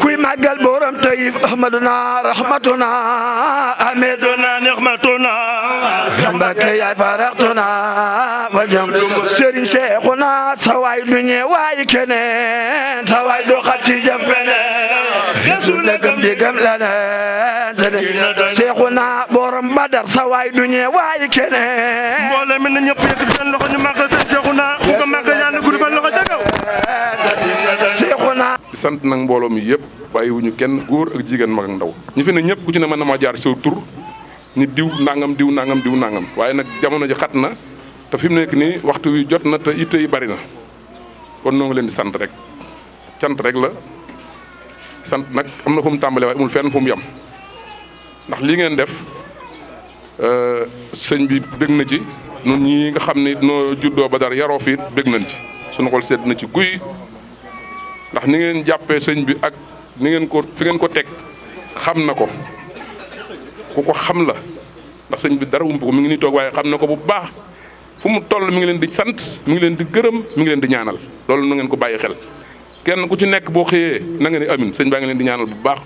kuy màggal borom tayif ahmaduna rahmatuna ameduna nixmatuna mbake yaay faraxtuna wa seexuna sawaay du ñeewaay keneen sawaay du xatti jam feneen su legam seexuna borom badar sawaay du ñeewaay keneen mboolem mi na seen loxo ñu màggal seen seexuna sant nag mbooloo mi yëpp bàyyiwuñu kenn góor ak jigéen mag ndaw ñi fi na ñëpp ku ci ne mën na maa jaar sew tur ni diw nangam diw nangam diw nangam waaye nag jamono ji xat na te fi mu nekk nii waxtu wi jot na te itte yi bari na kon noo leen sant rek sant rek la sant nag am na fu mu tàmbalee waaye amul fenn fu mu yem ndax lii ngeen def euh, sëñ bi bëgg na ci nun ñi nga xam ne noo juddoo ba dara yaroo fi bëgg nañ ci sunu xol sedd na ci guy ndax ni ngeen jàppee sëñ bi ak ni ngeen ko fi ngeen ko teg xam na ko ku ko xam la ndax sëñ bi dara ump mi ngi nii toog waaye xam na ko bu baax fu mu toll mi ngi leen di sant mi ngi leen di gërëm mi ngi di ñaanal loolu na ngeen ko bàyyi xel kenn ku ci nekk boo xëyee na nga ne amin sëñ baa ngi leen di ñaanal bu baax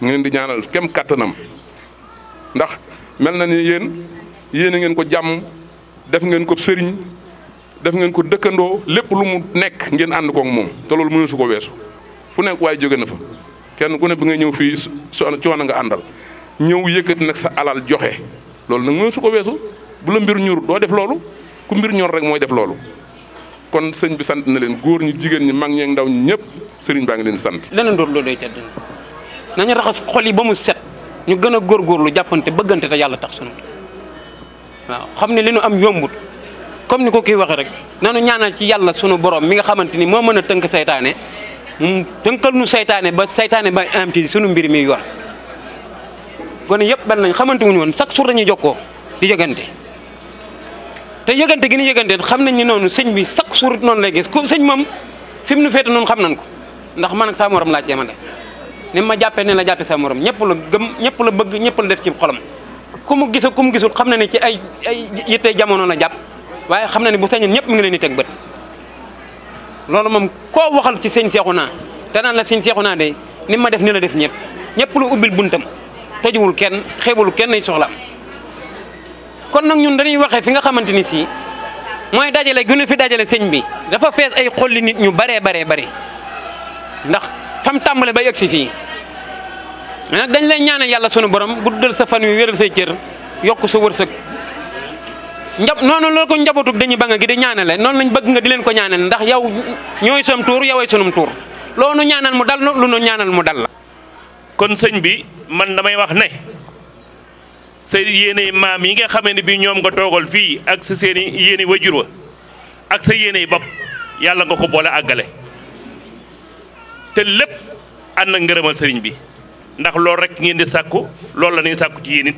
mi di ñaanal kem kàttanam ndax mel na ni yéen yéen a ngeen ko jàmm def ngeen ko sëriñ def ngeen ko dëkkandoo lépp lu mu nekk ngeen ànd koog moom te loolu mënu su ko weesu fu nekk waaye jóge na fa kenn ku ne bi nga ñëw fii coono nga àndal ñëw yëkkati nag sa alal joxe loolu nag mënu su ko weesu bu la mbir ñor doo def loolu ku mbir ñor rek mooy def loolu kon sëñ bi sant na leen góor ñi jigéen ñi mag ñi ak ndaw ñi ñëpp sëriñ baa ngi leen di sant. leneen loolu loolu day tedd nañu raxas xol yi ba mu set ñu gën a góorgóorlu jàppante bëggante te yàlla tax sunu waaw xam ne li ñu am yombut. comme ni ko kii waxee rek nanu ñaanal ci yàlla sunu borom mi nga xamante ni moo mën a tënk seytaane mu tënkal nu seytaane ba seytaane ba am ci sunu mbir mi yor gone yëpp benn lañ xamante woon chaque jour dañuy jokkoo di yëgante te yëgante gi ñu yëgante xam nañ ni noonu sëñ bi chaque jour noonu lay gis ku sëñ moom fi mu nu féete noonu xam nañ ko ndax man ak saa morom laa ceemante ni ma jàppee ne la jàppee sa morom ñëpp la gëm ñëpp la bëgg ñëpp la def ci xolam ku mu gis ku gisul xam na ne ci ay ay yitte jamono la jàpp waaye xam na ne bu sañoon ñëpp mi ngi leen di teg bët loolu moom koo waxal ci sëñ Seexuna naa la sëñ naa de ni ma def ni la def ñëpp ñëpp lu ubbil buntam tëjuwul kenn xeebul kenn ay soxlaam kon nag ñun dañuy waxee fi nga xamante ni sii mooy dajale gënu fi dajale sëñ bi dafa fees ay xolli nit ñu baree baree bari ndax fam tàmbale ba yegg si fii nag dañ lay ñaanal yàlla sunu borom guddal sa fan wi wéral say cër yokk sa wërsëg njab noonu la ko njabootu dañuy ba nga gi di ñaanale noonu lañ bëgg nga di leen ko ñaanal ndax yow ñooy sam tuur yoway sunum tuur loonu ñaanal mu dal lu nu ñaanal mu dal la kon sëñ bi man damay wax ne sa yéeney maam yi nga xamee ne bii ñoom nga toogal fii ak sa seen i yéene wajur wa ak sa yéeney bopp yàlla nga ko boole àggale te lépp ànd ak ngërëmal sëriñ bi ndax loolu rek ngeen di sàkku loolu la ñuy sàkku ci yéen it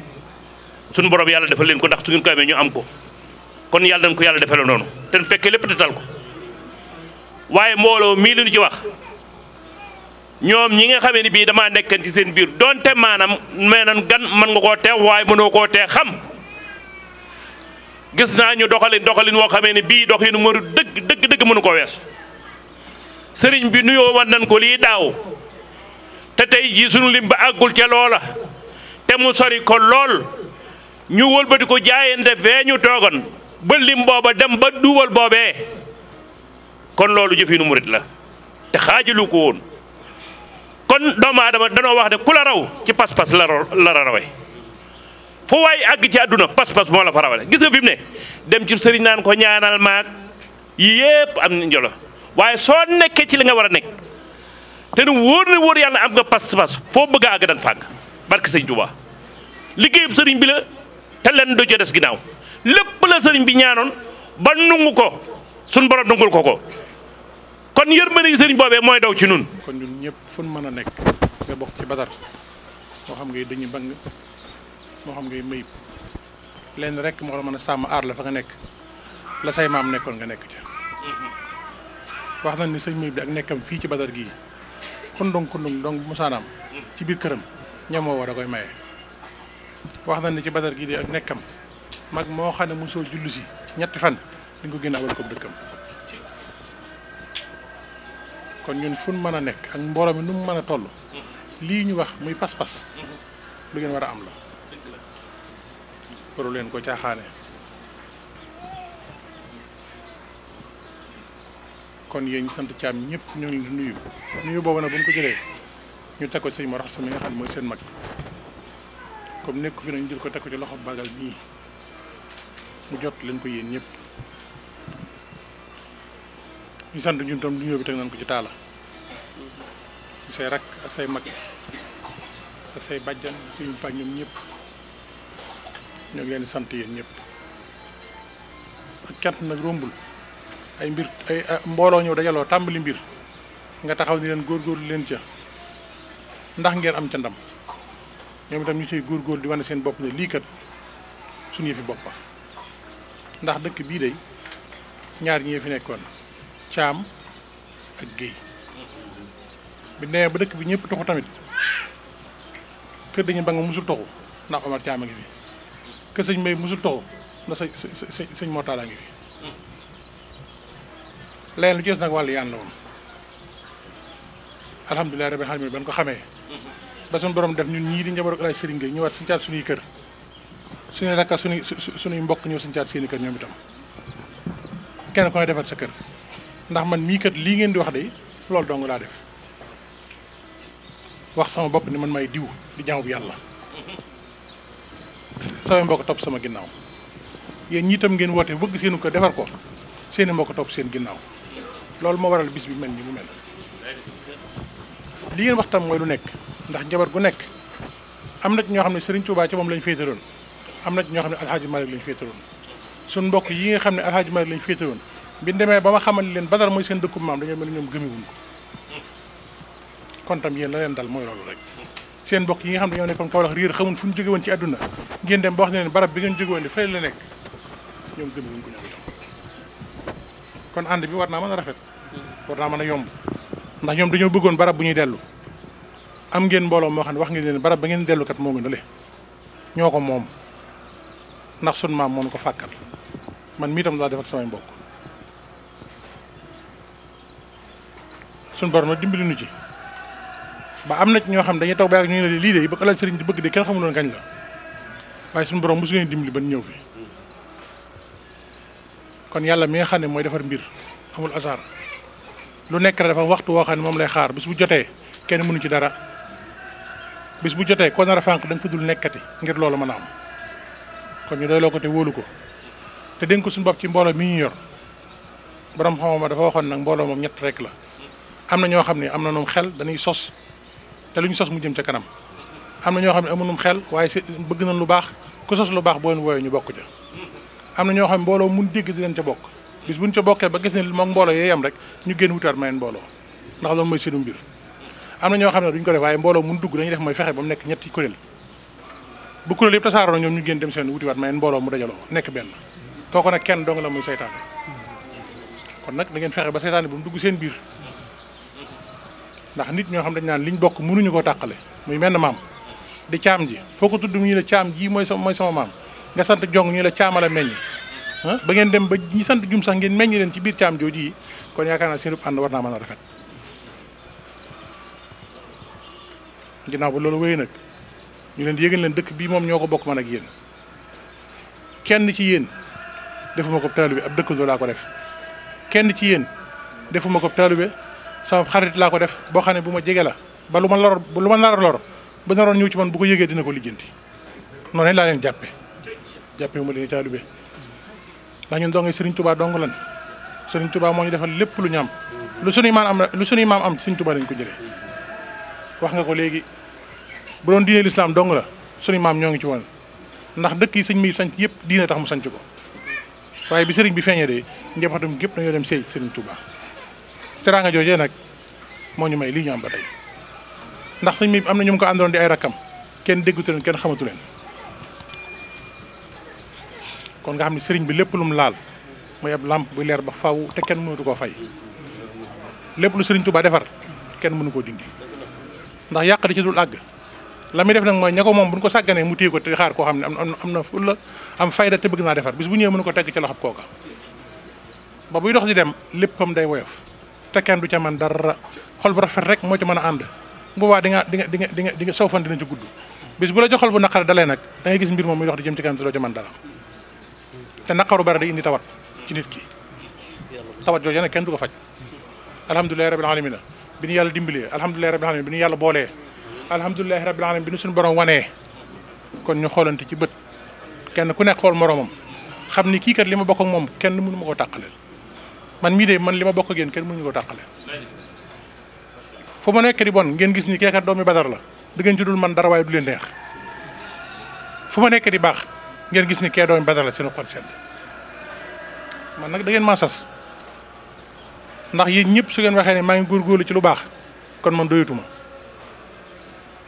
suñu yàlla dafa leen ko ndax su ngeen ñu am ko kon yàlla nañ ko yàlla defee la noonu te mu fekkee lépp tal ko waaye mbooloo mii ci wax ñoom ñi nga xamee ni bii damaa nekkan ci seen biir doonte maanaam mee gan mën nga koo tee waaye mënoo koo tee xam gis naa ñu doxalin doxalin woo xamee ni bii doxinu mënu dëgg dëgg dëgg mënu ko weesu sëriñ bi nuyoo wan nañ ko lii daaw te tey jii sunu lim ba àggul ca loola te mu sori ko lool ñu wëlbati ko jaayante fee ñu toogoon ba lim booba dem ba duwal boobee kon loolu jëfinu murit la te xaajalu ko woon kon doomu aadama danoo wax ne ku la raw ci pas-pas la la rawe fu waay àgg ci àdduna pas-pas moo la fa rawale gis nga fi mu ne dem ci sëriñ naan ko ñaanal maag yépp am na njolo waaye soo nekkee ci li nga war a nekk te nu wóor na wóor yàlla am nga pas-pas foo bëgg a àgg dan fàgg barke sëñ liggéeyub sëriñ bi la te leen du jo des ginnaaw lépp la sëriñ bi ñaanoon ba nungu ko suñ borom nungul ko ko kon yërmande yi sëriñ boobee mooy daw ci nun kon ñun ñëpp fu mën a nekk nga bokk ci badar moo xam ngay dañu bang moo xam ngay mayib lenn rekk moo la mën a sàmm aar la nekk la say maam nekkoon nga nekk ca wax nañ ni sëñ mayib bi ak nekkam fii ci badar gii kundung kundung dong musaanaam ci biir këram ñamoo war a koy maye wax na ni ci badar gii di ak nekkam mag moo xam ne mosoo julli si ñetti fan di ko génn abal ko dëkkam kon ñun fu mën a nekk ak mbooloo mi nu mu mën a toll lii ñu wax muy pas-pas lu ngeen war a am la waru leen ko caaxaane kon yéen ñu sant caam ñëpp ñu ngi leen nuyu nuyu boobu nag bu ñu ko jëlee ñu teg ko sëñ Mor Asta nga xam ne mooy seen mag comme nekk fi nañu jël ko teg ko ci loxo bagal bii mu jot leen ko yéen ñëpp ñu sant ñun tam nuyoo bi teg nañ ko ci taala say rakk ak say mag ak say bàjjan suñu pàñ ñoom ñëpp ñu ngi leen di sant yéen ñëpp ak cant nag rombul ay mbir ay ah, mbooloo ñëw dajaloo tàmbali mbir nga taxaw ni leen góor góorgóorlu leen ca ndax ngeen am ca ndam ñoom tam ñu ciy góor di wane seen bopp ne lii kat suñu yëfi boppa ndax dëkk bii day ñaar ñi fi nekkoon caam ak géey bi nee ba dëkk bi ñëpp toxu tamit kër dañu ba nga musul toxu ndax Omar Caam a ngi fi kër sëñ may musul toxu ndax sëñ sëñ sëñ a ngi fi leneen lu ci nag wàllu yaan la woon alhamdulilah rabbil alamin ban ko xamee ba suñu borom def ñun ñii di njabootu El Hadj Serigne Gueye ñëwaat suñu caat suñuy kër suñuy rakka suñuy suñuy mbokk ñëw suñu caat seeni kër ñoom itam kenn ku ne defar sa kër ndax man mii kat lii ngeen di wax de loolu dong laa def wax sama bopp ni man may diw di jaamu bu yàlla samay mbokk topp sama ginnaaw yéen ñii tam ngeen woote bëgg seenu kër defar ko seeni mbokk topp seen ginnaaw loolu moo waral bis bi mel ni mu mel li ngeen wax tam mooy lu nekk ndax njabar gu nekk am na ci ñoo xam ne Serigne Touba ci moom lañu féetaloon am na ñoo xam ne alxaaji Malick lañ féetaloon suñ mbokk yi nga xam ne alxaaji Malick lañ féetaloon bi demee ba ma xamal leen Badar mooy seen dëkkub maam dañoo mel ni ñoom gëmewuñ kon tam yéen la dal mooy loolu rek seen mbokk yi nga xam ne ñoo nekkoon Kaolack riir fu ñu jóge woon ci àdduna ngeen dem ba wax bi ngeen jóge woon di fële la nekk ñoom kon ànd bi war naa mën a rafet war naa mën a yomb ndax ñoom dañoo bëggoon barab bu ñuy dellu am ngeen mbooloo moo xam ne wax ngeen leen barab ba ngeen dellukat moo ngi dale ñoo ko moom ndax sunu maam moom ko fàkkal man mii tam laa def ak samay mbokk sunu borom nu ci ba am na ñoo xam dañuy toog ba ñu ne lii de ba alal sëriñ di bëgg de kenn xamuloon kañ la waaye sunu borom mosu leen dimbali ba ñëw fi kon yàlla mi nga xam ne mooy defar mbir amul asar lu nekk rek dafa waxtu woo xam ne moom lay xaar bis bu jotee kenn mënu ci dara bis bu jotee koo nar a fànq da nga fa dul nekkati ngir loolu mën a am. kon ñu doyloo ko te wóolu ko te dénk ko suñ bopp ci mbooloo mi ñu yor borom xam-xam dafa waxoon nag mbooloo moom ñett rek la am na ñoo xam ne am na ñoom xel dañuy sos te lu ñu sos mu jëm ca kanam am na ñoo xam ne amuñu xel waaye bëgg nañ lu baax ku sos lu baax boo leen ñu bokk ca am na ñoo xam ne mbooloo mun dégg di leen ca bokk bis buñ ca bokkee ba gis ne moom mbooloo yee yam rek ñu génn wutaat ma leen mbooloo ndax loolu mooy seenu mbir am na ñoo xam ne duñ ko def waaye mbooloo mun dugg dañuy def mooy fexe ba mu nekk ñetti kuréel bu kuréel yëpp tasaaroo ñoom ñu génn dem seen wutiwaat ma neen mbooloo mu dajaloo nekk benn kooku nag kenn dong la muy seytaane kon nag da ngeen fexe ba seytaane bu mu dugg seen biir ndax nit ñoo xam dañ naan liñ bokk mënuñu koo tàqale muy menn maam di caam ji foo ko tudd ñu la caam ji mooy sama mooy sama maam nga sant jong ñu la caamala meññ ba ngeen dem ba ñu sant jum sax ngeen meññ leen ci biir caam jooju yi kon yaakaar naa seen ànd war naa a rafet ginnaaw loolu wéy nag ñu leen yëgal leen dëkk bii moom ñoo ko bokk man ak yéen kenn ci yéen defuma ko taalibe ab dëkkandoo laa ko def kenn ci yéen defuma ko taalibe sama xarit laa ko def boo xam ne bu ma jege la ba lu ma lor lu ma nar lor ba naroon ñëw ci man bu ko yëgee dina ko lijjanti noonu laa leen jàppe jàppe ma leen taalibe ndax ñun dong Serigne Touba dong lan Serigne Touba moo ñu defal lépp lu ñam lu sunuy maam am lu sunuy maam am Serigne lañ ko jëlee wax nga ko léegi. bu doon diine lislaam dong la suñu maam ñoo ngi ci woon ndax dëkk yi sëñ bi sanc yëpp diine tax mu sanc ko waaye bi sëriñ bi feeñee de njabootam gépp dañoo dem sëy sëriñ Touba teraanga joojee nag moo ñu may lii ñu am ba tey ndax sëñ bi am na ñu mu ko àndoon di ay rakkam kenn déggutu leen kenn xamatu leen kon nga xam ne sëriñ bi lépp lu mu laal mooy ab làmp bu leer ba faw te kenn mënatu koo fay lépp lu sëriñ Touba defar kenn mënu koo dindi yàq da ci dul àgg la muy def nag mooy ña ko moom bu ñu ko sàgganee mu téye ko te xaar koo xam ne am am na fulla am fayda te bëgg naa defar bis bu ñëwee mën ko tegg ci loxob kooka ba buy dox di dem lépp léppam day woyof te kenn du ca man dara xol bu rafet rek moo ci mën a ànd boobaa di nga di nga di nga di nga di nga saw fan dina ci gudd bis bu la jox xol bu naqare dalee nag da ngay gis mbir moom muy dox di jëm ci kanam te doo ca mën dara te naqaru bare day indi tawat ci nit ki tawat jooju nag kenn du ko faj alhamdulilahi rabbil alamina bi ñu yàlla dimbalee alhamdulilahi rabbil alamina bi ñu yàlla boolee alhamdulilahi rabbil alamin bi nu suñu borom wanee kon ñu xoolante ci bët kenn ku nekk xool moromam xam ni kii kat li ma bokk ak moom kenn mënu ma koo tàqaleel man mii de man li ma bokk ak yéen kenn mënuñu ko tàqaleel fu ma nekk di bon ngeen gis ni kee kat doomi badar la da ngeen ci dul man dara waaye du leen neex fu ma nekk di baax ngeen gis ni kee doomi badar la seen xol sedd man nag da ngeen maa sas ndax yéen ñëpp su ngeen waxee ne maa ngi góorgóorlu ci lu baax kon man doyatuma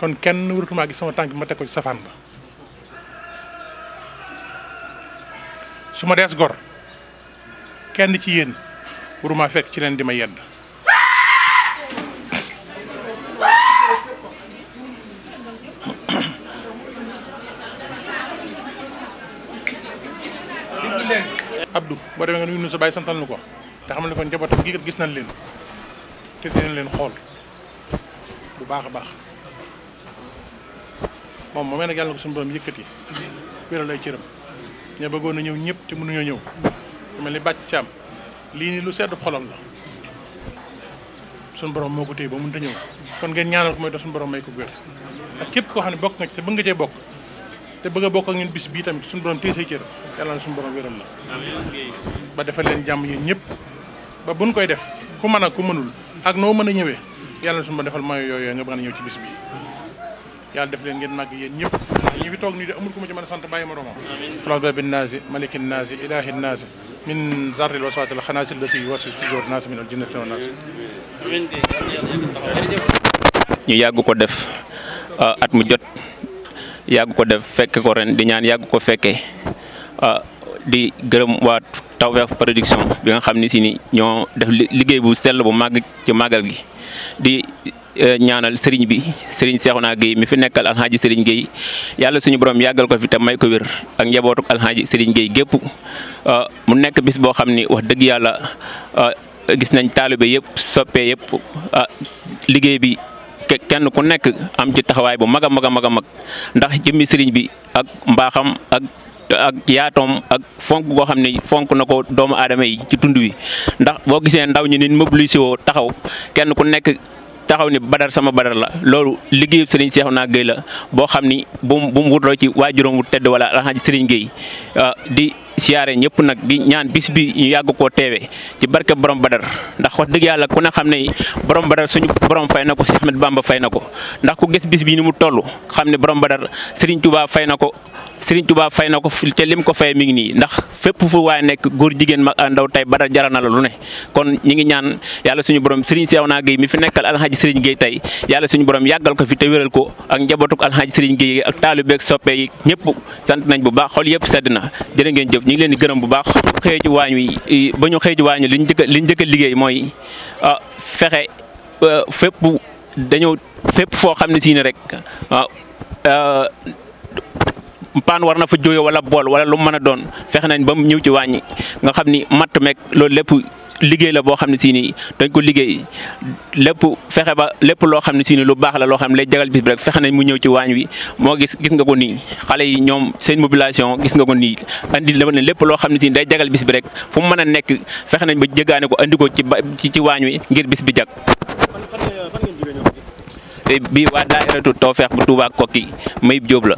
kon kenn waratumaa gis sama tànk ma teg ko ci safaan ba su ma dees gor kenn ci yéen waruma fekk ci leen di ma yedd Abdou boo demee nga nuyu nu sa santal nu ko te xam ne ko njabootam gi gis nañ leen te dinañ leen xool bu baax a baax moom moomee nag yàlla na ko suñu borom yëkkati wéral ay cëram ña bëggoon ñëw ñëpp te mënuñoo ñëw ku mel ni bàcc caam lii ni lu seddu xolam la suñu borom moo ko téye ba mun a ñëw kon ngeen ñaanal ko mooy tax suñu borom may ko wér ak képp koo xam ne bokk nga te bëgg nga cee bokk te bëgg a bokk ak ñun bii tamit suñu borom téye say cër yàlla na suñu borom wéral la ba defal jàmm yéen ñëpp ba buñ koy def ku mën ak ku mënul ak noo mën a ñëwee yàlla na suñu defal mayo yooyu nga bëgg a ñëw ci bis bii yàlla def leen ngeen màgg yéen ñëpp ñi fi toog nii a sant bàyyi ma romam planga bin naasi malikin naasi ilahin naasi min zarril waswaasil xanaasil la si wasi sujóor ñu yàgg ko def uh, at mu jot yàgg ko def fekk ko ren di ñaan yàgg ko fekkee uh, di gërëm waa Tawfekh Production bi nga xam ne si ni ñoo def liggéey bu sell bu màgg ci màggal gi di Euh, ñaanal sëriñ bi sëriñ Seexuna Géey mi fi nekkal alxaaji sëriñ Géey yàlla suñu borom yàggal ko fi te may ko wér ak njabootuk alxaaji sëriñ Géey gépp euh, mu nekk bis boo xam ni wax dëgg yàlla euh, gis nañ taalibe yëpp soppe yëpp liggéey bi kenn ku nekk am ci taxawaay bu mag a mag a mag a mag ndax jëmmi sëriñ bi ak mbaaxam ak ak yaatoom ak fonk boo xam ne fonk na ko doomu aadama yi ci tund wi ndax boo gisee ndaw ñi nit mobilisé taxaw kenn ku nekk taxaw ni badar sama badar la loolu liggéeyu Serigne Cheikhouna Gueye la boo xam ni bu mu bu mu wutloo ci waajuram wu tedd wala alxaaji Serigne Gueye ah, di. siyaare ñëpp nag di ñaan bis bi ñu yàgg koo teewe ci barke borom badar ndax wax dëgg yàlla ku ne xam ne borom badar suñu borom fay na ko Cheikh Ahmed fay na ko ndax ku gis bis fay na ko Serigne Touba fay ko te lim ko fay mi ngi nii ndax fépp fu waaye nekk góor jigéen mag ndaw tey ba jaral na la lu ne kon ñi ngi ñaan yàlla suñu borom Serigne Cheikhouna Gueye mi fi nekkal alxaaji Serigne Gueye tey yàlla suñu borom yàggal ko fi te wéral ko ak njabootuk alxaaji Serigne Gueye ak taalibe ak soppe yi ñëpp bu baax xol yëpp sedd ñëpp ñu ngi leen di gërëm bu baax xëy ci waañ wi ba ñu xëy ci waañ li njëkk li njëkk liggéey mooy ah, fexe ah, fépp dañoo fépp foo xam ne si rek ah, paan war na fa jóge wala bool wala lu mu mën a doon fexe nañ ba mu ñëw ci waañ wi nga xam ni matt mekk loolu lépp. liggéey la boo xam ne si nii dañ ko liggéey lépp fexe ba lépp loo xam ne si nii lu baax la loo xam ne lay jagal bis bi rek fexe nañ mu ñëw ci waañ wi moo gis gis nga ko nii xale yi ñoom seen mobilisation gis ko nii andi ne lépp loo xam ne si nii day jagal bis bi rek fu mu mën a nekk fexe nañ ba jëgaane ko indi ko ci ba ci waañ wi ngir bis bi jag. bii waa daayiratu Tawfekh bu Touba Koki Mayib Diop la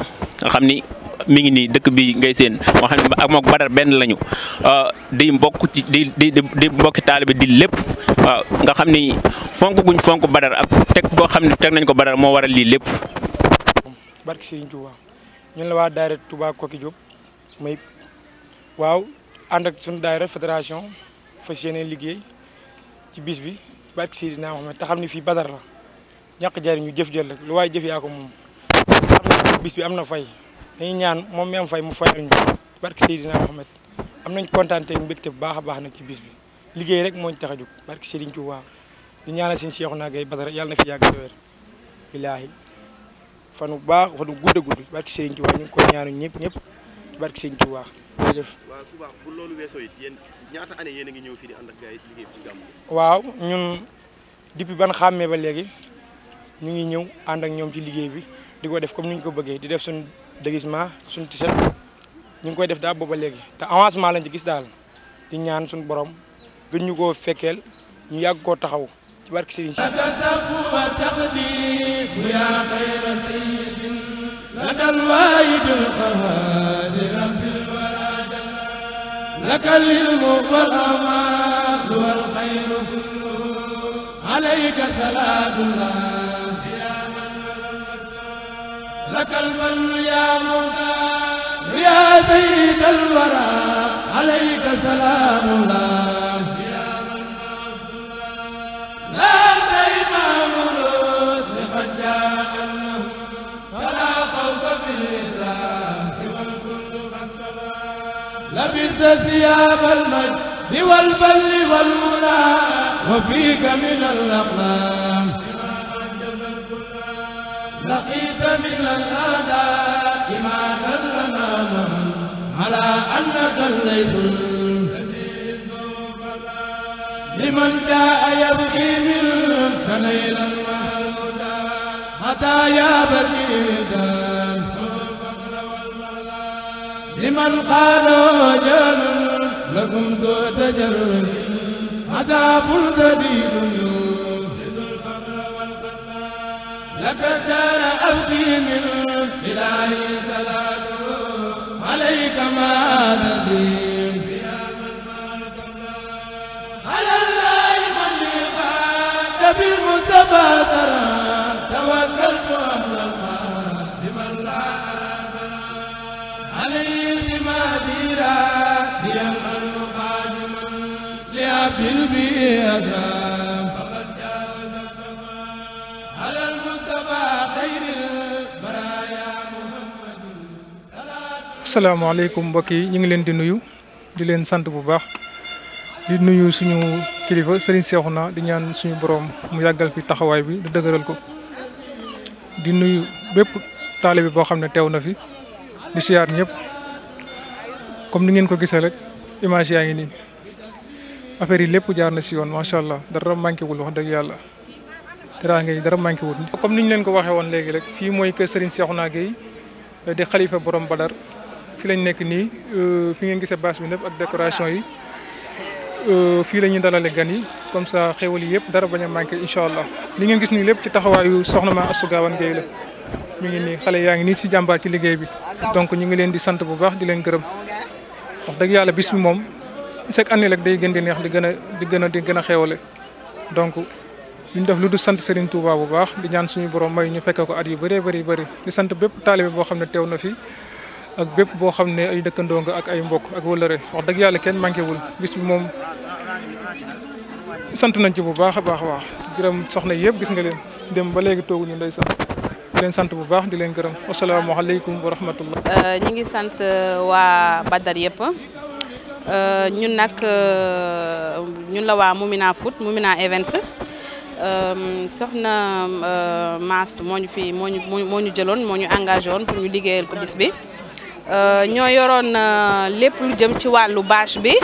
xam ni. mi ngi nii dëkk bi ngay seen moo xam ne ak mook Badar benn lañu euh, di mbokk ci di di di mbokki taalibe di lépp waaw euh, nga xam ni fonk guñ fonk Badar ak teg boo xam ne teg nañ ko Badar moo waral lii lépp. barke Serigne Touba ñun la waa daayira Touba Koki Diop may waaw ànd ak suñu daayira fédération fas yéene liggéey ci bis bi barke Seydina Muhammad te xam ne fii Badar la ñàkk jariñu jëf jël rek lu waaye jëf yaa ko moom bis bi am na fay dañuy ñaan moom mi am fay mu fayal ñu barke Seydina Mohamed am nañ kontaan te mbégte bu baax a baax nag ci bis bi liggéey rek moo ñu tax a jóg barke Serigne Touba di ñaanal seen Cheikhouna Gaye Badara yàlla na fi yàgg wér bilaahi fan bu baax fan bu gudd a gudd barke Serigne Touba ñu ngi ñëpp ñëpp barke Serigne Touba jërëjëf waaw Touba bu loolu weesoo it yéen ñaata année yéen a ngi ñëw fii di ànd ak gars yi ci liggéey bi ci ban xàmmee ba léegi ñu ngi ñëw ànd ak ñoom ci liggéey bi di ko def comme ni ñu ko bëggee di def suñu déguisement suñu t-shirt ñu ngi koy def daal booba léegi te avancement lañ ci gis daal di ñaan suñu borom gën ñu ko fekkeel ñu yàgg koo taxaw ci barke Serigne si lakal لك المن يا مختار يا سيد الورى عليك سلام الله يا من لا تيمام الرسل قد جاء انه فلا خوف في الاسلام والكل قد لبس ثياب المجد والبل والمنى وفيك من الاقلام من الأداء ما دلنا من على أنك الليث لمن جاء يبكي منك نيلا وهدى متى يا بريدا لمن قالوا جل لكم ذو تجرد عذاب ذليل تقدر أبقي من إلهي صلاته عليك ما نبي بالمصطفى ترى توكلت على الله بمن لا عليه بما ديرا هي القلب قادما لأبي البيئة asalaamaaleykum mbokk yi ñu ngi leen di nuyu di leen sant bu baax di nuyu suñu kilifa seexu naa di ñaan suñu boroom mu yàggal fi taxawaay bi di dëgëral ko di nuyu bépp taalibe boo xam ne teew na fi di siyaar ñëpp comme ni ngeen ko gisee rek image yaa ngi nii affaire yi lépp jaar na si yoon macha allah dara manqué wax dëgg yàlla teraanga yi dara manqué wul. comme ni ñu leen ko waxee woon léegi rek fii mooy kër Serigne Cheikhouna Gueye di xalifa borom Badar. fi nekk nii euh, fi ngeen gisee bâche bi nëpp ak décoration yi euh, fii la ñuy dalale gan yi comme ça xéwal yi yëpp dara bañ a manqué incha allah li ngeen gis nii lépp ci taxawaayu soxna ma Astou Gawane Gueye la mi ngi nii xale yaa ngi nii ci jàmbaar ci liggéey bi donc ñu ngi leen di sant bu baax di leen gërëm wax dëgg yàlla bis bi moom chaque année rek day gën di neex di gën a di gën a di gën a xéwale donc ñu def lu du sant Serigne Touba bu baax di ñaan suñu borom may ñu fekke ko yu bëree bëri bëri di sant bépp boo xam ne teew na fi ak bépp boo xam ne ay dëkkandoo ak ay mbokk ak wëllëre wax dëgg yàlla kenn manqué wul bis bi moom sant nañ ci bu baax a baax a baax gërëm soxna yëpp gis nga leen dem ba léegi tooguñu ndeysaan di leen sant bu baax di leen gërëm asalaamaaleykum wa rahmatullah euh, ñi ngi sant euh, waa Badar yëpp euh, ñun nag ñun la waa Moumina Foot Moumina Events soxna Maast moo ñu fi moo ñu moo ñu jëloon moo ñu engagé woon pour ñu liggéeyal ko bis bi Euh, ñoo yoroon euh, lépp lu jëm ci wàllu bâche bi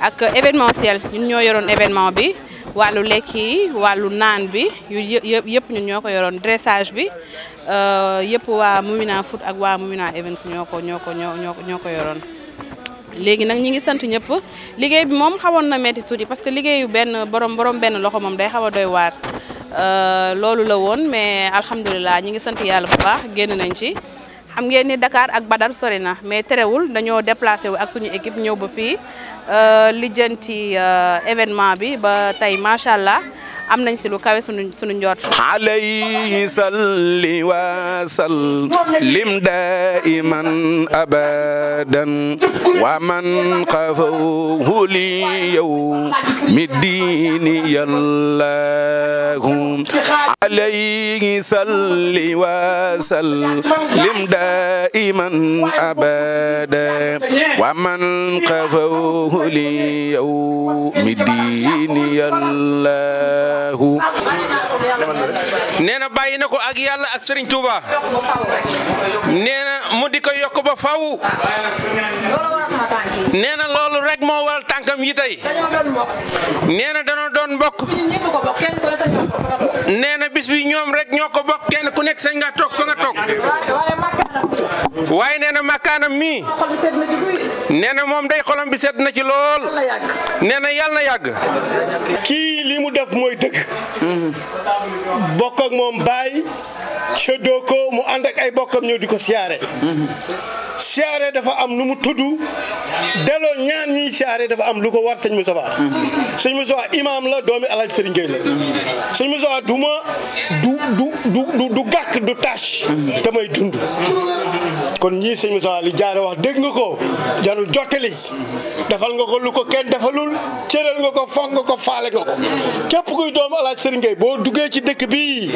ak événementiel ñun ñoo yoroon événement bi wàllu lekk yi wàllu naan bi yu yëpp yëpp ñun ñoo ko yoroon dressage bi euh, yëpp waa Mumina Food ak waa Mumina Events ñoo ko ñoo ko ñoo ñoo ko yoroon. léegi nag ñi ngi sant ñëpp liggéey bi moom xawoon na metti tuuti parce que liggéeyu benn borom borom benn loxo moom day xaw a doy waar loolu la woon mais alhamdulilah ñi ngi sant yàlla bu baax génn nañ ci. xam ngeen ni Dakar ak Badar sori na mais terewul dañoo déplacé wu ak suñu équipe ñëw ba fii euh, lijjanti euh, événement bi ba tey macha allah. am nañ si lu kawe sunu sunu njort alayhi salli wa sallim daiman abadan wa man qafahu li yawmi dini yallahum alayhi salli wa sallim daiman abadan wa man qafahu li yawmi dini yallahum mawlaahu nee na bàyyi na ko ak yàlla ak sëriñ Touba nee na mu di ko yokk ba faw nee na loolu rek moo waral tànkam yi tey nee na danoo doon mbokk nee na bis bi ñoom rek ñoo ko bokk kenn ku nekk sañ nga toog fa nga toog waaye nee na makkaanam mii nee na moom dey xolam bi sedd na ci lool nee na yàlla na yàgg. kii li mu def mooy dëgg. bokk moom baay séddoo ko mu ànd ak ay bokkam ñëw di ko siyaare. siyaare dafa am nu mu tudd delloo ñaan ñi siyaare dafa am lu ko war sëñ Moussa Ba. sëñ Moussa Ba imaam la doomi Alaaji Sëriñ Gueye la. sëñ Moussa Ba du ma du du du gàkk du tâche. damay dund. kon ñii sëñ Moussa li jaar wax dégg nga ko jarul jottali defal nga ko lu ko kenn defalul cëral nga ko fonk nga ko faale nga ko képp kuy doomu alaaj sëriñ boo duggee ci dëkk bi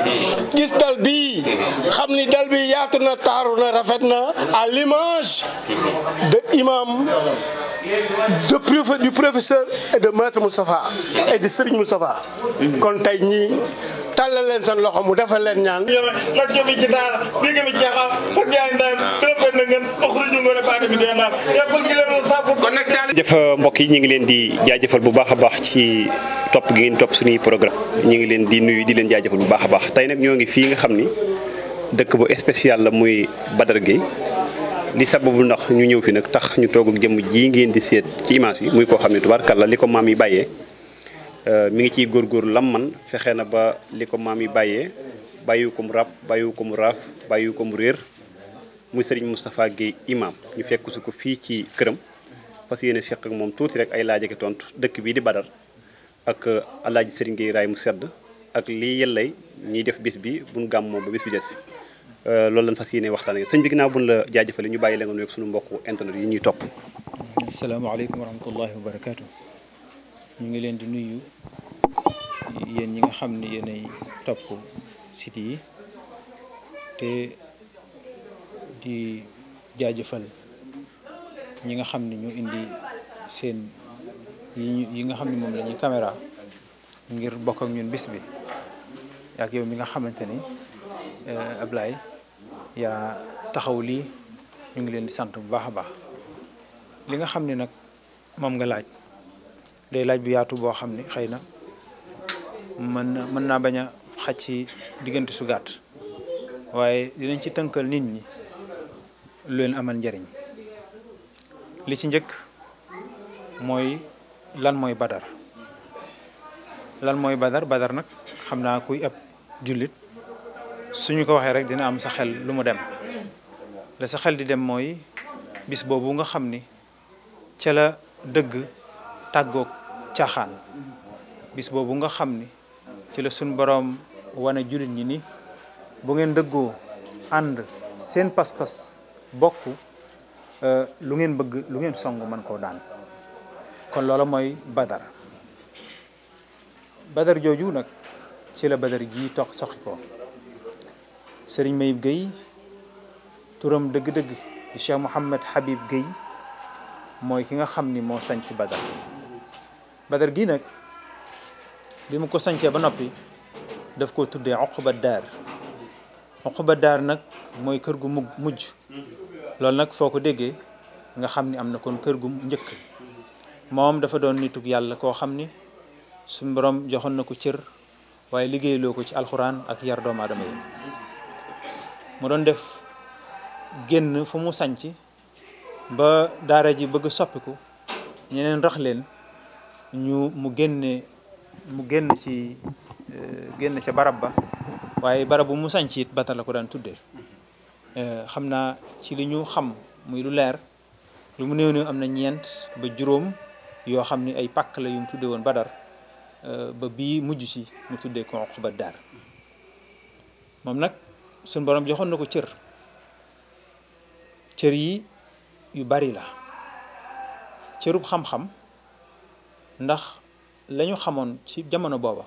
gis dal bii xam ni dal bi yaatu na taaru na rafet na à l'image de imam de professeur et de maître Moustapha et de Serigne Moustapha kon tey ñii tàllal leen seen loxo mu defal leen ñaan. lak mbokk yi ñu ngi leen di jaajëfal bu baax a baax ci topp gi ngeen topp suñuy programme ñu ngi leen di nuyu di leen jaajëfal bu baax a baax tey nag ñoo ngi fii nga xam ni dëkk bu spécial la muy Badar Gueye li bu ndax ñu ñëw fi nag tax ñu toog ak jëmm ji ngeen di seet ci image yi muy koo xam ne la li ko maam yi bàyyee Euh, mi ngi ci góor góor man fexe na ba li ko maam yi bàyyee bàyyiwu ko mu ràpp bàyyiwu ko mu raaf bàyyiwu ko mu réer muy sëriñ Moustapha Guèye imam ñu fekk su ko fii ci këram fas ne seq ak moom tuuti rek ay laaj ak tontu dëkk bii di Badar ak euh, alaaj sëriñ Guèye raay mu sedd ak lii yellay ñuy def bis bi buñ gàmmoo ba bis bi des euh, loolu lañ fas yéene waxtaanee sëñ bi ginnaaw buñ la jaajëfale ñu bàyyi la nga nuyoog suñu mbokku internet yi ñuy topp. asalaamaaleykum wa rahmatullahi wa barakaatu. ñu ngi leen di nuyu yéen ñi nga xam ne yéenay topp site yi te di jaajëfal ñi nga xam ni ñu indi seen yi nga xam ni moom la kamera ngir bokk ak ñun bis bi ak yow mi nga xamante ni eh, Ablaye yaa taxaw lii ñu ngi leen di sant bu baax a baax li nga xam ni nag moom nga laaj day laaj bu yaatu boo xam ne xëy na mën na mën naa bañ a xaj ci diggante su gàtt waaye dinañ ci tënkal nit ñi lu leen amal njariñ li ci njëkk mooy lan mooy badar lan mooy badar badar nag xam naa kuy ab jullit suñu ko waxee rek dina am sa xel lu mu dem la sa xel di dem mooy bis boobu nga xam ni ca la dëgg tàggook caaxaan bis boobu nga xam ni ci la suñ boroom wane jullit ñi ni bu ngeen dëggoo ànd seen pas-pas bokk euh, lu ngeen bëgg lu ngeen song mën koo daan kon loola mooy badar badar jooju nag ci la badar ji tox soxi ko sëriñ Mayib géy turam dëgg-dëgg di Cheikh Mouhamed Habib Guèye mooy ki nga xam ni moo sañc badar badar gii nag bi mu ko sancee ba noppi daf ko tuddee Uqba Daar Uqba Daar nag mooy kër gu mug mujj loolu nag foo ko déggee nga xam ni am na kon kër gu njëkk moom dafa doon nitug yàlla koo xam ni suñu borom joxoon na ko cër waaye liggéeyloo ko ci alxuraan ak yar doomu aadama yi mu doon def génn fu mu sanc ba daara ji bëgg soppiku ñeneen rax leen ñu mu génne mu génn ci eh, génn ca barab ba waaye barab bu mu sànci it bata la ko daan tuddee eh, xam naa ci li ñu xam muy lu leer lu mu néew néew am na ñeent ba juróom yoo xam ni ay pàkk la yu mu tudde woon badar eh, ba bii mujj ci mu tuddee ko ba daar moom nag suñ borom joxoon na ko cër cër yi yu bari la cërub xam-xam ndax la xamoon ci jamono booba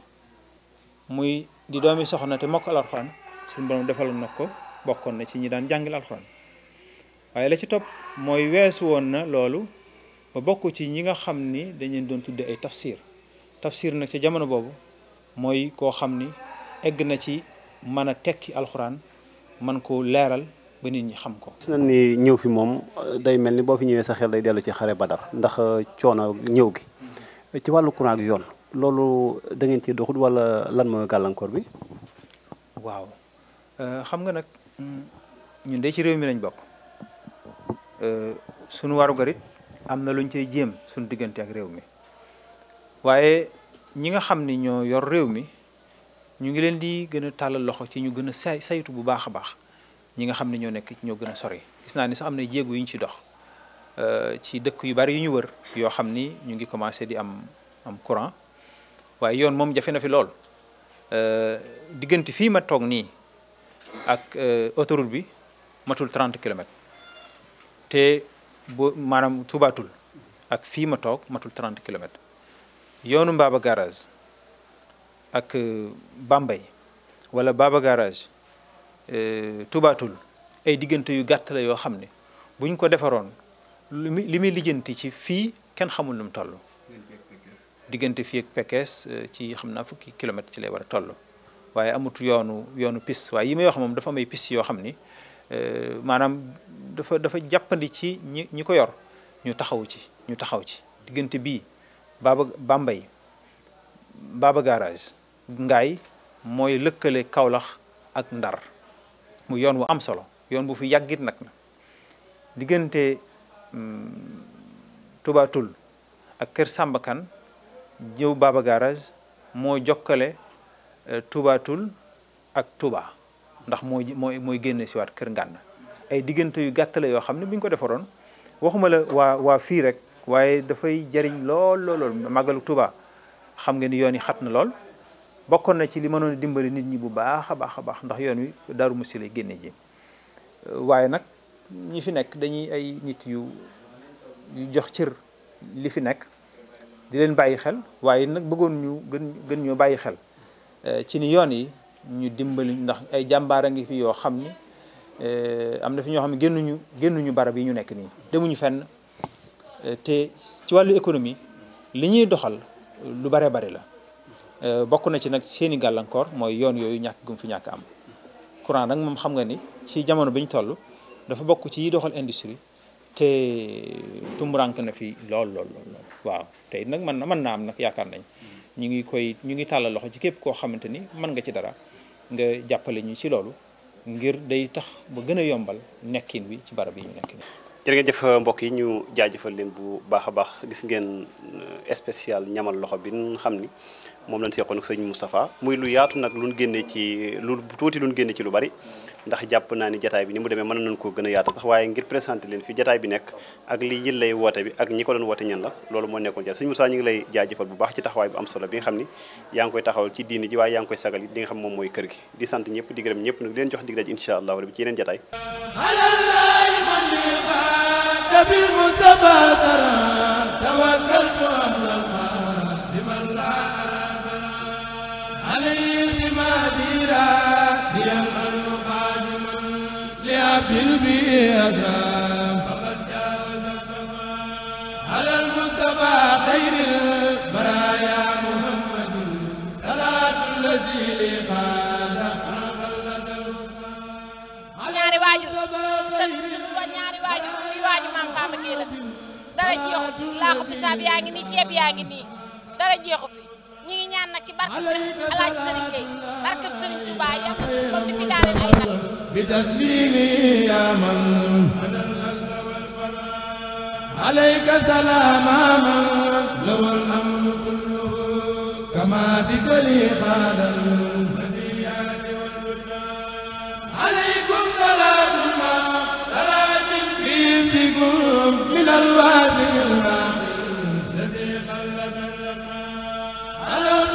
muy di doomi soxna te mokk alxuraan suñu borom defaloon nag ko bokkoon na ci ñi daan jàngil alxuraan waaye la ci topp mooy weesu woon na loolu ba bokk ci ñi nga xam ni dañ doon tudde ay tafsir tafsir nag ca jamono boobu mooy koo xam ni egg na ci mën a tekki alxuraan man koo leeral ba nit ñi xam ko. gis nañ ni ñëw fi moom day mel ni boo fi ñëwee sa xel day dellu ci xare ba badar ndax coono ñëw gi. ci wàllu courant yoon loolu da ngeen ci doxut wala lan mooy gàllankoor bi. waaw euh, xam nga nag mm, ñu de ci réew mi lañ bokk euh, sunu warugarit am na luñ cay jéem sunu diggante ak réew mi waaye ñi nga xam ni ñoo yor réew mi ñu ngi leen di gën a tàllal loxo ci ñu gën a say saytu bu baax a baax ñi nga xam ne ñoo nekk ñoo gën a sori gis naa ni sax am na jéego yu ñu ci dox. Euh, ci dëkk yu bari yu ñu wër yoo xam ni ñu ngi commencé di am am courant waaye yoon moom jafe na fi lool euh, diggante fii ma toog nii ak euh, autoroute bi matul 30 kilomètres te bu maanaam tubaatul ak fii ma toog matul 30 kilomètres yoonu Mbaba garage ak bambay wala Baba garage tubaatul ay diggante yu gàtt la yoo xam ne buñ ko defaroon. lu muy li muy lijjanti ci fii kenn xamul nu mu toll. diggante fii ak Pekes euh, ci xam naa fukki kilomètre ci lay war a toll waaye amut yoonu yoonu piste waaye yi may wax moom dafa am ay piste yoo xam ni euh, maanaam dafa dafa jàppandi ci ñi ñi ko yor ñu taxaw ci ñu taxaw ci diggante bii Baba Bambey Baba Garage Ngaay mooy lëkkale kawlax ak Ndar mu yoon wu am solo yoon bu fi yàggit nag na diggante tubaatul ak Kër Samba Kane jëw Baba Garage moo jokkale euh, tubaatul ak tubaa ndax mooy mooy mooy génne si waat Kër Ngànn ay diggante yu gàttale yoo xam ne bu ñu ko defaroon waxuma la waa waa fii rek waaye dafay jariñ lool lool lool màggalu xam nga ni yoon yi xat na lool bokkoon na ci li mënoon a dimbali nit ñi bu baax a baax a baax ndax yoon wi Daaru Musti lay génne ji euh, waaye nag ñi fi nekk dañuy ay nit yu yu jox cër li fi nekk di leen bàyyi xel waaye nag bëggoon ñu gën gën ñoo bàyyi xel eh, ci ni yoon yi ñu dimbali ndax ay jàmbaar a ngi fi yoo xam ni eh, am na fi ñoo xam ne génnuñu génnuñu barab yi ñu nekk nii demuñu fenn eh, te ci wàllu économie li ñuy doxal lu bare bari la bokk na ci nag seeni gàllankoor mooy yoon yooyu ñàkk gum fi ñàkk am courant nag moom xam nga ni ci jamono bi ñu toll dafa bokk ci yi doxal industrie te tumurank na fi lool lool lool waaw tey nag man na mën naa am nag yaakaar nañ ñu ngi koy ñu ngi tàllal loxo ci képp koo xamante ni mën nga ci dara nga jàppale ñu ci loolu ngir day tax ba gën a yombal nekkin bi ci barab yi ñu nekk nii. jërëjëf mbokk yi ñu jaajëfal leen bu baax a baax gis ngeen euh, spécial ñamal loxo bi ñu xam ni moom la lañ seqoon ak sëñ Moustapha muy lu yaatu nag lu génnee ci lu tuuti lu génne ci lu bari. ndax jàpp naa ni jataay bi ni mu demee mën nañ koo gën a yaatal sax waaye ngir présenté leen fi jataay bi nekk ak li yil lay woote bi ak ñi ko doon woote ñan la loolu moo nekkoon jataay Sëñ Moussa ñu ngi lay jaajëfal bu baax ci taxawaay bu am solo bi nga xam ni yaa ngi koy taxawal ci diini ji waaye yaa ngi koy sagal li nga xam moom mooy kër gi di sant ñëpp di gërëm ñëpp nag leen jox dig daj insha allahu rabbi dara jeexu fi laaxu fi saab yaa ngi nii ceeb yaa ngi nii dara jeexu fi ñu ngi ñaan nag ci barke Serigne Alaaji Serigne Gueye barke Serigne Touba yàlla comme ni fi daane ay nag bi taslimi ya man alayka salaama man lawal amru kulluhu kama bi kali xaalal alaykum salaatuma salaatin fiikum min alwaasi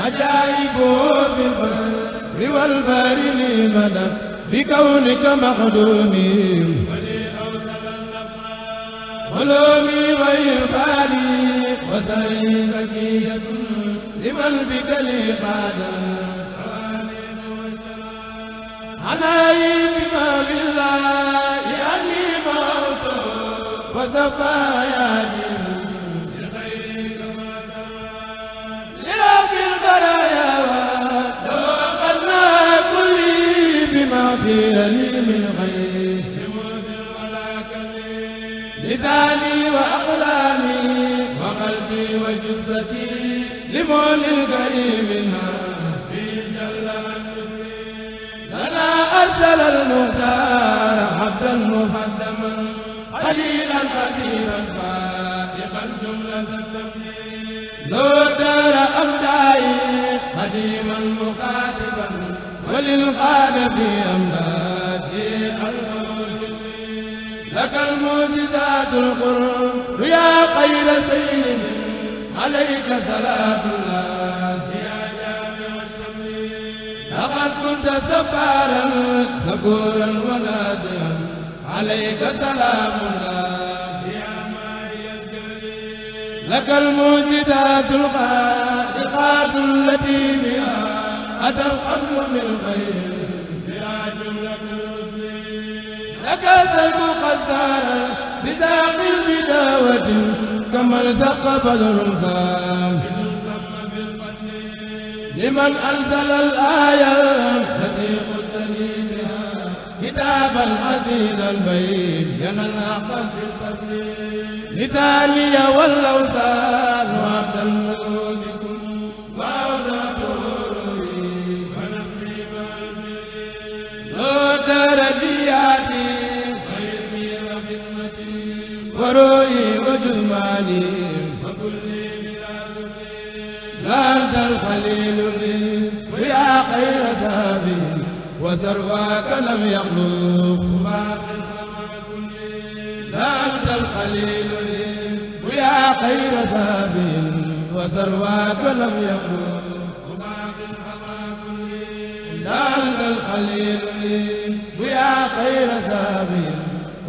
عجائبه في البر والبر لمدى بكونك مخدومي ولومي وإنفالي وسري زكية لمن بك لي خادم أنا بما بالله أني موت وزفايا لي من غيره لموسر ولا كلي لساني وأقلامي وقلبي وجثتي لمول الكريم في جل من مثلي لنا أرسل المختار عبدا مقدما خليلا قديما فائقا جملة التمليك لو دار أمدائي قديما مخاطبا وللقاد في أملاكه الأرض لك المعجزات القرب يا خير سيد عليك صلاة الله يا جامع السبيل لقد كنت سفارا صبورا ونازلا عليك سلام الله يا ماهي الجليل لك المعجزات الخارقات التي بها أتى الحمد من خير بلا جملة رسل لك ذلك قد زال بذاق البداوة كما التقى بدر خام لمن أنزل الآية التي قلت لي بها كتابا عزيزا بينا العقل بالفصل لساني والأوثان وعبد الملك وتردياتي وعلمي وخدمتي وروحي وجمالي وكلي بلا لا أنت الخليل لي ويا خير ذهبي وثرواك لم يخلق باطل فما كلي لا أنت الخليل لي ويا خير ذهبي وثرواك لم يخلق باطل فما كلي لا أنت الخليل لي غير ذاب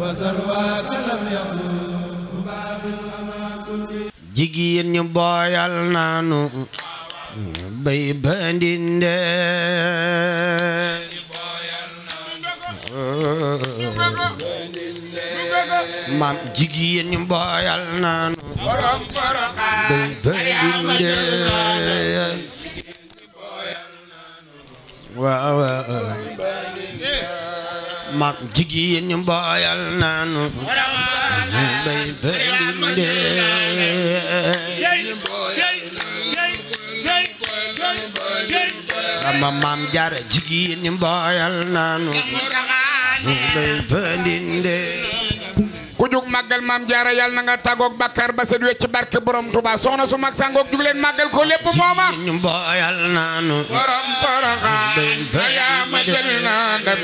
وثرواك لم يكن مباب أما كل jigéen ñu booyal naanu bay bandinde maam jigéen ñu booyal naanu bay bandinde waaw waaw mag jigéen ñu booyal naanu bay bay sama maam jaar jigéen ñu booyal naanu bay bay tàggoog màggal maam jaara yàlla na nga tàggoog bàkkaar ba set wecc barke borom Tuubaa soxna su mag sangoog jug leen màggal ko lépp mooma ñu booyal naanu borom poroxaan yaa ma jël naa ndam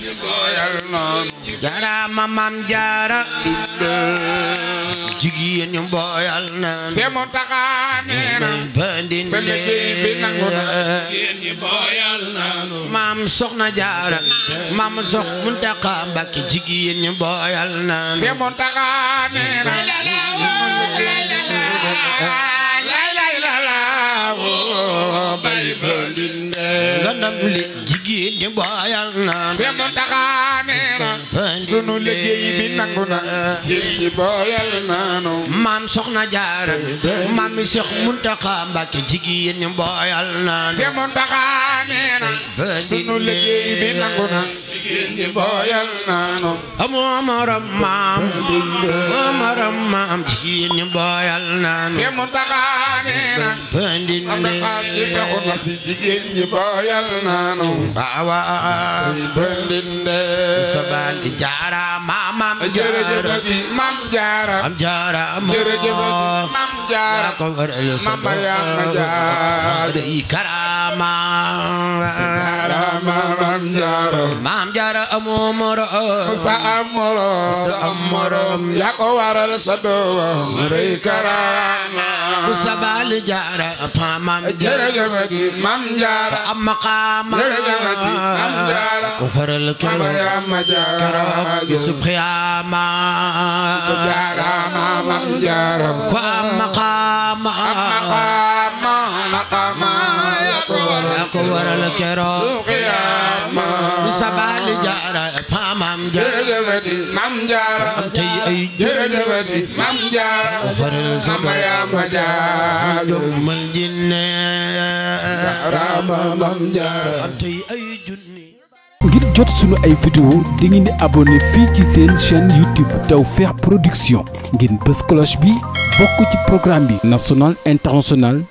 ñu booyal naanu jaara ma maam jaara jigéen ñu booyal naan se mu taxaane naan se liggéey bi naan jigéen ñu booyal naan maam soxna jaara maam sox mu taxa mbàkke jigéen ñu booyal naan se mu taxaane naan bay bandin li jigéen booyal naan se mu sunu liggéey bi na ji booyal maam soxna jaar maam mi Muntaxa Mbàkke jigéen ñi booyal naanu Seex Muntaxa nee na sunu liggéey bi na jigéen ñi booyal naanu amoo maram maam amoo maram Muntaxa nee na bandin ne jaara maam jërëjëfati maam jaara maam jaara jërëjëfati maam jaara ko waral maam Mariama jaara day karama karama maam jaara maam jaara amoo moroom sa am moroom sa am moroom yaa ko waral sa doom rëy karaama bu sabal jaara pa maam jaara jërëjëfati maam jaara am maqaama jërëjëfati maam jaara ko faral keroog ma jaara yusuf xiyaama jaara maam jaara ko am maqaama am maqaama maqaama yaa ko waral keroog jërëjëfati mam jaara tey ay jërëjëfati mam jaara ngir jot sunu ay vidéo di ngeen di fii ci seen chaîne YouTube Tawfekh Production ngeen bës cloche bi bokk ci programme bi national international